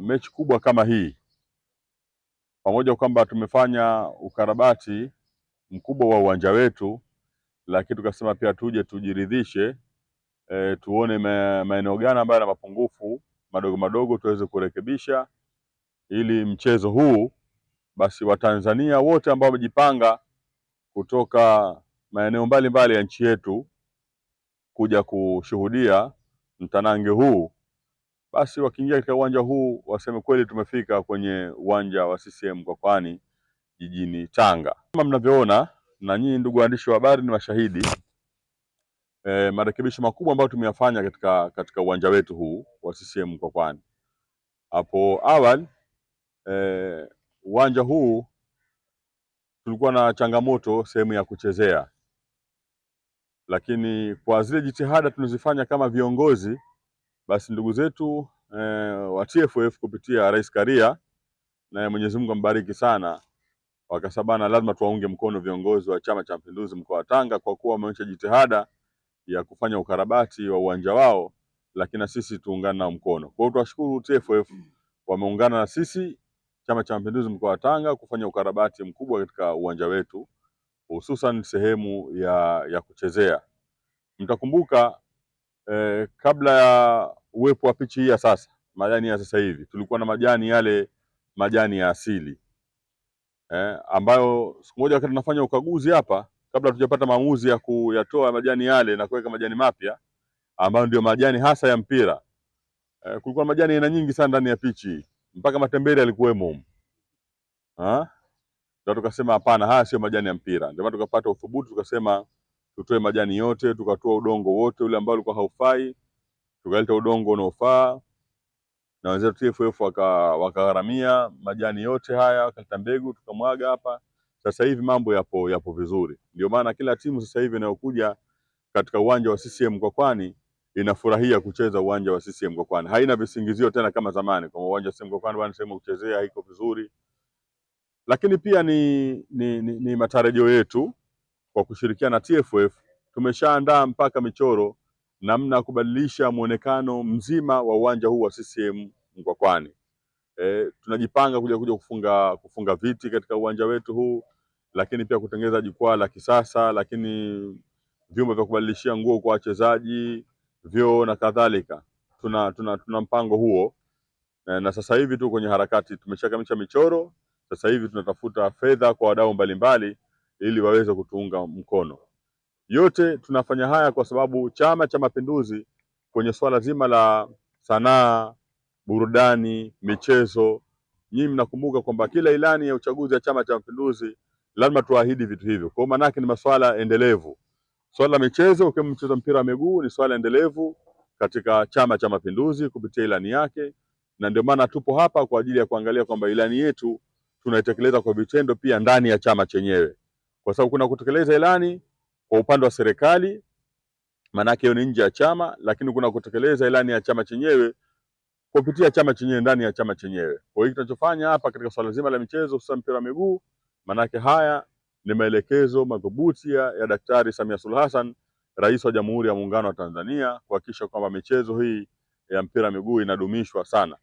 mechi kubwa kama hii, pamoja kwamba tumefanya ukarabati mkubwa wa uwanja wetu, lakini tukasema pia tuje tujiridhishe, e, tuone maeneo gani ambayo yana mapungufu madogo madogo tuweze kurekebisha, ili mchezo huu basi Watanzania wote ambao wamejipanga kutoka maeneo mbalimbali ya nchi yetu kuja kushuhudia mtanange huu basi wakiingia katika uwanja huu waseme kweli tumefika kwenye uwanja wa CCM kwani jijini Tanga. Kama mnavyoona na nyinyi ndugu waandishi wa habari ni mashahidi e, marekebisho makubwa ambayo tumeyafanya katika katika uwanja wetu huu wa CCM Kwakwani. Hapo awali e, uwanja huu tulikuwa na changamoto sehemu ya kuchezea, lakini kwa zile jitihada tulizofanya kama viongozi basi ndugu zetu e, wa TFF kupitia Rais Karia na Mwenyezi Mungu ambariki sana, wakasabana lazima tuwaunge mkono viongozi wa Chama cha Mapinduzi mkoa wa Tanga kwa kuwa wameonyesha jitihada ya kufanya ukarabati wa uwanja wao, lakini na sisi tuungane nao mkono. Kwa hiyo tuwashukuru TFF wameungana na sisi Chama cha Mapinduzi mkoa wa Tanga kufanya ukarabati mkubwa katika uwanja wetu hususan sehemu ya, ya kuchezea. Mtakumbuka eh, kabla ya uwepo wa pichi hii ya sasa, majani ya sasa hivi, tulikuwa na majani yale majani ya asili eh, ambayo siku moja wakati tunafanya ukaguzi hapa, kabla tujapata maamuzi ya kuyatoa majani yale na kuweka majani mapya ambayo ndio majani hasa ya mpira eh, kulikuwa na majani aina nyingi sana ndani ya pichi, mpaka matembele yalikuwemo ha? Ah, ndio tukasema hapana, haya sio majani ya mpira. Ndio maana tukapata uthubutu tukasema tutoe majani yote, tukatoa udongo wote ule ambao ulikuwa haufai, tukaleta udongo unaofaa, na wenzetu TFF wakagharamia waka majani yote haya, wakaleta mbegu tukamwaga hapa. Sasa hivi mambo yapo yapo vizuri, ndio maana kila timu sasa hivi inayokuja katika uwanja wa CCM Mkwakwani inafurahia kucheza uwanja wa CCM Mkwakwani, haina visingizio tena kama zamani, kwa uwanja wa CCM Mkwakwani bwana, sehemu kuchezea haiko vizuri, lakini pia ni, ni, ni, ni matarajio yetu kwa kushirikiana na TFF tumeshaandaa mpaka michoro namna ya kubadilisha muonekano mzima wa uwanja huu wa CCM Mkwakwani. E, tunajipanga kuja kuja kufunga, kufunga viti katika uwanja wetu huu, lakini pia kutengeneza jukwaa la kisasa, lakini vyumba vya kubadilishia nguo kwa wachezaji, vyoo na kadhalika. Tuna, tuna, tuna mpango huo e, na sasa hivi tu kwenye harakati, tumeshakamisha michoro. Sasa hivi tunatafuta fedha kwa wadau mbalimbali ili waweze kutuunga mkono. Yote tunafanya haya kwa sababu Chama cha Mapinduzi kwenye swala zima la sanaa, burudani, michezo, nyinyi mnakumbuka kwamba kila ilani ya uchaguzi ya Chama cha Mapinduzi lazima tuahidi vitu hivyo. Kwa maana yake ni masuala endelevu. Swala la michezo, ukiwa mchezo mpira wa miguu ni swala endelevu katika Chama cha Mapinduzi kupitia ilani yake, na ndio maana tupo hapa kwa ajili ya kuangalia kwamba ilani yetu tunaitekeleza kwa vitendo pia ndani ya chama chenyewe kwa sababu kuna kutekeleza ilani kwa upande wa serikali, maanake hiyo ni nje ya chama, lakini kuna kutekeleza ilani ya chama chenyewe kupitia chama chenyewe ndani ya chama chenyewe. Kwa hiyo tunachofanya hapa katika swala zima la michezo, hususan mpira wa miguu, maanake haya ni maelekezo madhubuti ya Daktari Samia Suluhu Hassan, Rais wa Jamhuri ya Muungano wa Tanzania, kuhakikisha kwamba michezo hii ya mpira wa miguu inadumishwa sana.